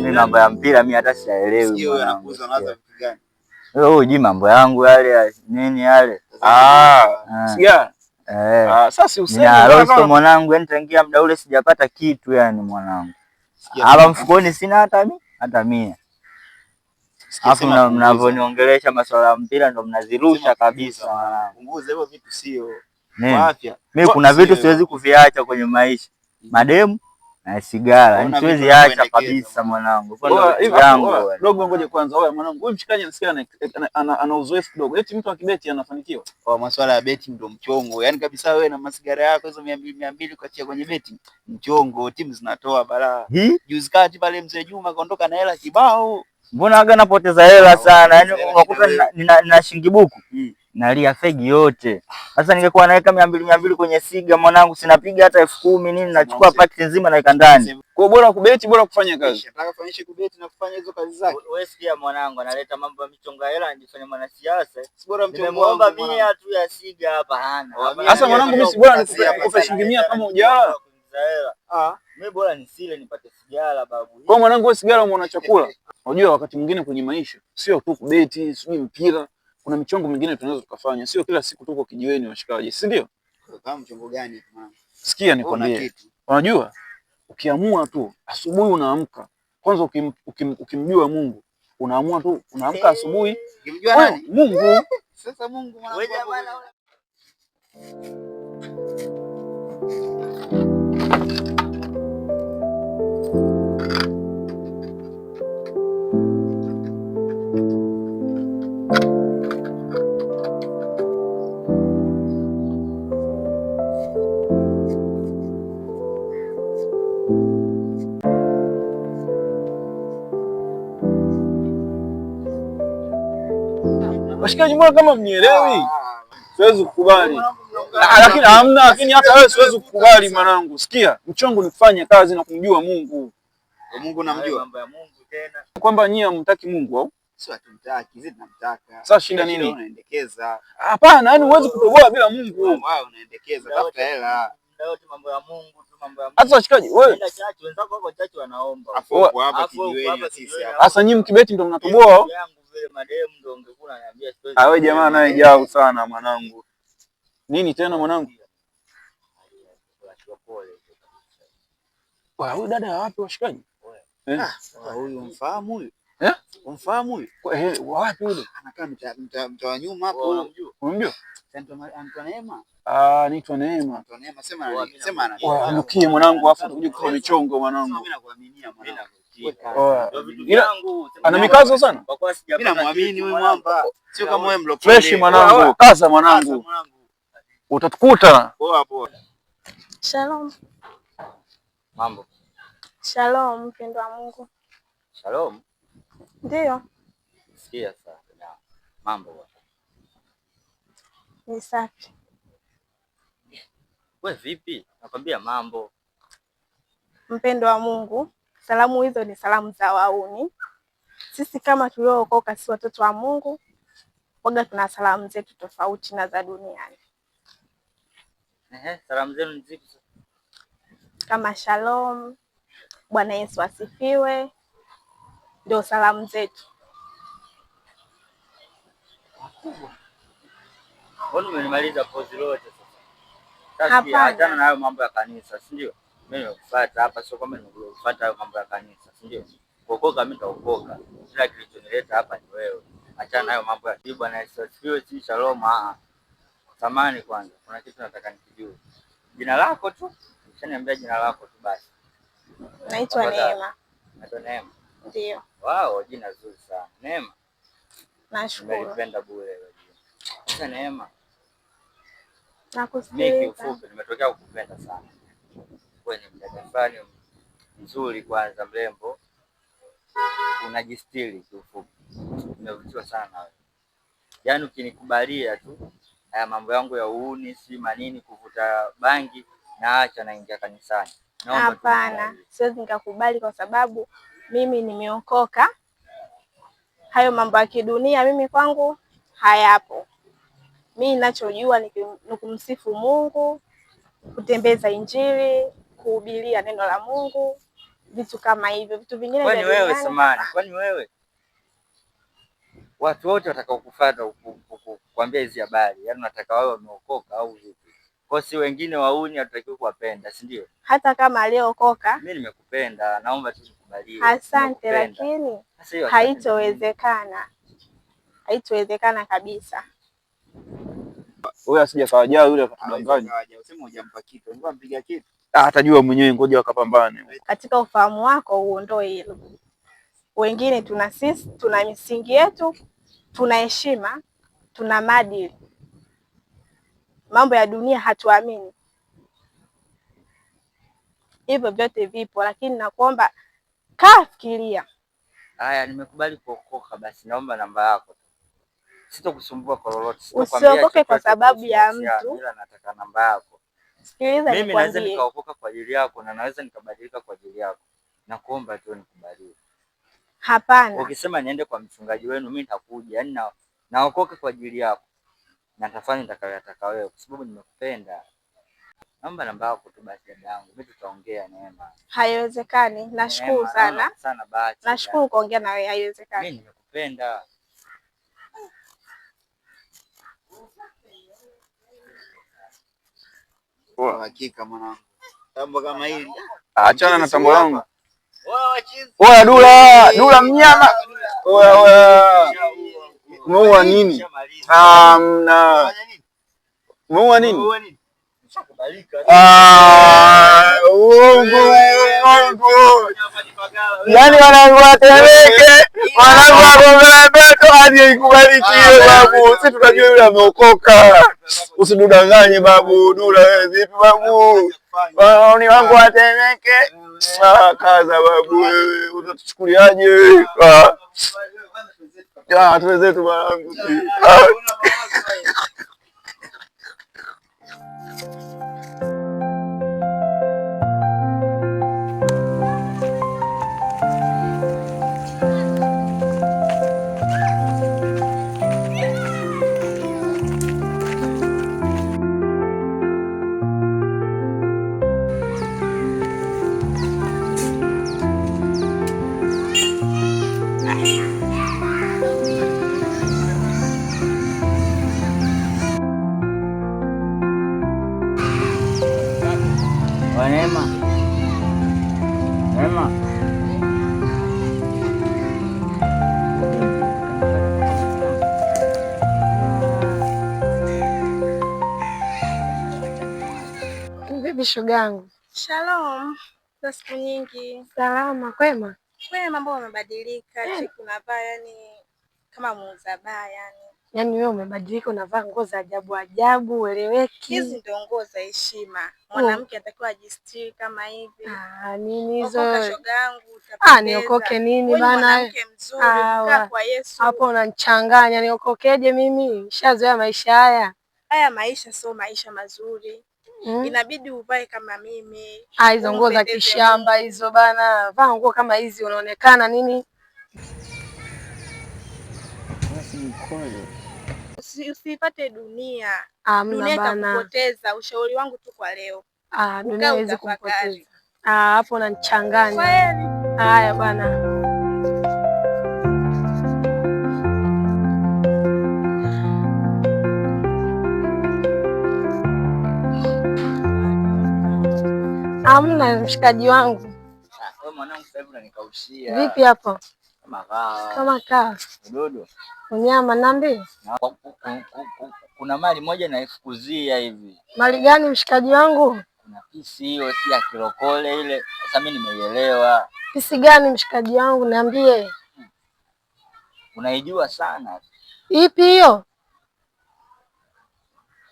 Mi mambo ya mpira mi hata siyaelewi. uji mambo yangu yale nini yale. Ah, ah. eh. ah, Nalosto mwanangu, yani tangia muda ule sijapata kitu, yani mwanangu, hapa mfukoni sina hata mi hata mia. Alafu mnavyoniongelesha masuala ya mpira ndo mnazirusha kabisa mwanangu. Mi kuna vitu siwezi kuviacha kwenye maisha mademu na sigara. Ni yaani siwezi acha kabisa mwanangu. Dogo, ngoja kwanza wewe mwanangu. Wewe mshikaji anasikia ana uzoefu kidogo. Eti mtu akibeti anafanikiwa. Kwa masuala ya beti ndo mchongo. yani kabisa wewe na masigara yako hizo 200 200 kuachia kwenye beti. Mchongo, timu zinatoa balaa. Juzi kati pale mzee Juma kaondoka na hela kibao. Mbona aga napoteza hela sana? yani unakuta nina shilingi buku nalia fegi yote. Sasa ningekuwa naweka mia mbili mia mbili kwenye siga, mwanangu, sinapiga hata elfu kumi nini, nachukua pakiti nzima naweka ndani. Kwa bora kubeti, bora kufanya kazi. Nataka fanyishe kubeti na kufanya hizo kazi zake. Wewe sikia mwanangu, analeta mambo ya michonga hela, anajifanya mwanasiasa. Si bora mchonga mimi tu ya siga hapa hana. Sasa mwanangu, mimi si bora nikupe shilingi mia kama hujala. Ah, mimi bora nisile nipate sigara babu. Kwa mwanangu, wewe sigara umeona chakula. Unajua wakati mwingine kwenye maisha sio tu kubeti, sio mpira kuna michongo mingine tunaweza tukafanya, sio kila siku tuko kijiweni washikaji, si ndio? Kama mchongo gani? Sikia nikwambie, unajua ukiamua tu asubuhi unaamka kwanza, ukim, ukim, ukimjua Mungu unaamua tu unaamka eh, asubuhi ukimjua oh, nani? Mungu. Sasa Mungu Washikaji, mbona kama mnielewi? Ah. Siwezi kukubali. Lakini hamna, lakini hata wewe siwezi kukubali mwanangu. Sikia, mchongo ni kufanya kazi na kumjua Mungu. Mungu namjua. Kwamba nyie hamtaki Mungu au? Sio zidi namtaka. Sasa shida nini? Unaendekeza. Hapana, yani huwezi kutoboa bila Mungu. Wao unaendekeza, hela. mambo Hata washikaji sasa nyinyi mkibeti ndo mnatoboa Awe jamaa naye jau sana mwanangu. Nini tena mwanangu? Huyu dada wapi washikaji? Huyu mfahamu huyu? Eh? Umfahamu huyu? Kwa Wapi yule? Anakaa mta mta mta wa nyuma hapo. Unamjua? Anaitwa Neema. Sema sema, ananukie mwanangu, afu utakuja kwa michongo mwanangu. Mimi nakuaminia mwanangu ana mikazo sana. Mimi namwamini wewe mwamba. Sio kama wewe mlo Fresh mwanangu, kaza mwanangu. Utatukuta. Poa poa. Shalom. Mambo. Shalom mpendo wa Mungu. Shalom. Ndio. Sikia sasa. Mambo. Ni safi. Wewe vipi? Nakwambia mambo. Mpendo wa Mungu. Salamu hizo ni salamu za wauni. Sisi kama tuliookoka, si watoto wa Mungu waga tuna salamu zetu tofauti na za duniani. Ehe, salamu zenu ni zipi? Kama shalom, Bwana Yesu asifiwe, ndio salamu zetu. Mbona umemaliza pozi lote sasa? Sasa achana na hayo mambo ya kanisa, si ndio? mimi nimekufuata hapa, sio kama nimekufuata hayo mambo ya kanisa, si ndio? Kuokoka mimi nitaokoka, kila kilichonileta hapa ni wewe. Achana nayo mambo ya Biblia na Yesu. Si shalom, ah, ah. samani kwanza, kuna kitu nataka nikijue. Jina lako tu, ushaniambia jina lako tu basi. Naitwa Neema. Naitwa Neema. Ndio. Wow, jina zuri sana Neema. Nashukuru. Nimependa bure wewe. Sasa Neema, nakusikia. Mimi kiufupi nimetokea kukupenda sana kuwa ni mdada fulani mzuri, kwanza mrembo, unajistiri kiufupi. Nimevutiwa sana nawe, yaani ukinikubalia tu haya mambo yangu ya uuni, si manini, kuvuta bangi na acha, naingia kanisani. Hapana, siwezi nikakubali kwa sababu mimi nimeokoka. Hayo mambo ya kidunia mimi kwangu hayapo. Mimi ninachojua ni kumsifu Mungu, kutembeza Injili kuhubiria neno la Mungu, vitu kama hivyo, vitu vingine Kwani Wewe samani, kwani wewe watu wote watakaokufuata kukuambia hizi habari, yaani unataka wao wameokoka au vipi? Kwa si wengine wauni hatutakiwi kuwapenda, si ndio? Hata kama aliyookoka, mimi nimekupenda, naomba tu nikubalie. Asante, lakini haitowezekana, haitowezekana kabisa. Huyo asije kawajaa yule akatudanganya, Usema hujampa kitu, mpiga kitu Ah, atajua mwenyewe, ngoja wakapambane. Katika ufahamu wako uondoe hilo. Wengine tuna sisi, tuna misingi yetu, tuna heshima, tuna maadili. Mambo ya dunia hatuamini, hivyo vyote vipo, lakini nakuomba kaa fikiria. Haya, nimekubali kuokoka. Basi naomba namba yako, sitokusumbua kwa lolote. Usiokoke kwa sababu ya mtu, nataka namba yako Sikiliza, mimi naweza nikaokoka kwa ajili yako na naweza nikabadilika kwa ajili yako, nakuomba tu nikubalie. Hapana, ukisema niende kwa mchungaji wenu, mimi nitakuja. Yani na, naokoka kwa ajili yako na tafanya nitakayotaka wewe, kwa sababu nimekupenda. Naomba namba yako tu basi, dada yangu, mimi tutaongea neema. Haiwezekani. Nashukuru sana sana, basi Nashukuru kuongea na wewe, haiwezekani. Mimi nimekupenda. Poa. Hakika mwanangu. Tambo kama hili. Ah, achana na tambo langu. Oya Dula, Dula mnyama. Oya oya. Umeua nini? Ah, mna. Umeua nini? Ah, uongo uongo, yani wanangu watemeke, wanangu wagombea ndoto hadi ikubarikiwe. Babu, si tunajua yule ameokoka, usidudanganye babu. Dula wewe vipi babu? Wanaoni wangu watemeke, ah, kaza babu, wewe utatuchukuliaje wewe? Ah. Tuwe zetu mwanangu. Thank you. Neema, Neema, vipi shoga yangu? Shalom, za siku nyingi. Salama, kwema? Kwema, mambo yamebadilika, tunavaa yani kama muuza baa yani Yaani wewe umebadilika, unavaa nguo za ajabu ajabu, ueleweki. Hizi ndio nguo za heshima. Mm. Mwanamke atakiwa ajistiri kama hivi. Ah, nini hizo? Shoga yangu, ah, niokoke nini bana? Ah, Hapo unanichanganya, niokokeje mimi? Shazoea maisha haya. Haya maisha sio maisha mazuri. Mm. Inabidi uvae kama mimi. Ah, hizo nguo za kishamba hizo bana, vaa nguo kama hizi unaonekana nini mkono. Usipate dunia, dunia itakupoteza. Ushauri wangu tu kwa leo, ah, dunia haiwezi kukupoteza. Ah, hapo unanichanganya. Haya bwana. Amna mshikaji wangu. Ah, Vipi hapo? Kama kaa. Unyama niambie. Kuna mali moja naifukuzia hivi. Mali gani mshikaji wangu? Kuna pisi hiyo si ya kilokole ile. Sasa mimi nimeielewa. Pisi gani mshikaji wangu niambie. Unaijua sana. Ipi hiyo?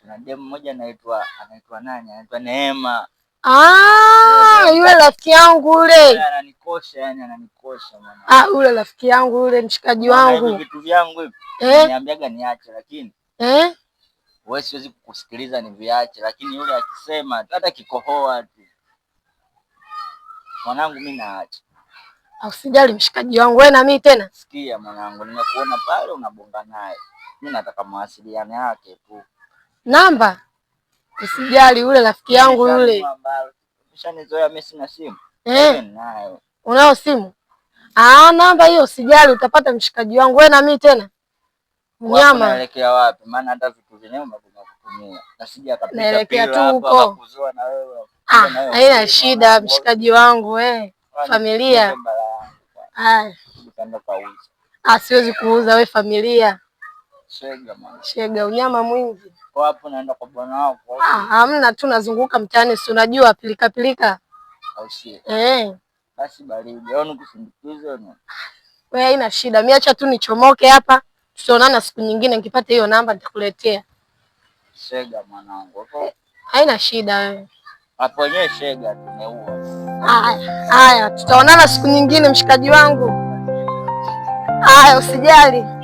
Kuna demu moja anaitwa anaitwa nani? Anaitwa Neema. Ah, yule rafiki yangu ule. Ananikosha yani ananikosha mwana. Ah, yule rafiki yangu ule mshikaji wangu. Vitu vyangu hivi. Eh? Niambiaga niache lakini. Eh? Wewe siwezi kukusikiliza ni viache lakini yule akisema hata kikohoa tu. Mwanangu mimi naacha. Usijali mshikaji wangu wewe na mimi tena. Sikia mwanangu, nimekuona pale unabonga naye. Mimi nataka mawasiliano yake tu. Namba? Usijali yule rafiki yaani yangu yule. Ushanizoea mimi sina simu. Eh, Nayo. Unao simu? Ah, namba hiyo usijali, utapata mshikaji wangu wewe na mimi tena. Mnyama. Unaelekea wapi? Maana hata vitu vyenyewe unakuja kutumia. sija kapita pia. Naelekea tu huko. Ah, haina shida mshikaji wangu eh. Familia. Ah, Ah, siwezi kuuza wewe familia Shega unyama mwingi. Kwa hapo naenda kwa bwana wako. Ah, hamna tu nazunguka mtaani si unajua pilika pilika. Au si Eh. Basi baridi. Au nikusindikize ni? Wewe haina shida. Mimi acha tu nichomoke hapa. Tutaonana siku nyingine nikipata hiyo namba nitakuletea. Shega mwanangu. Hapo haina shida wewe. Hapo yenyewe shega tumeua. Haya, haya tutaonana siku nyingine mshikaji wangu. Haya, usijali.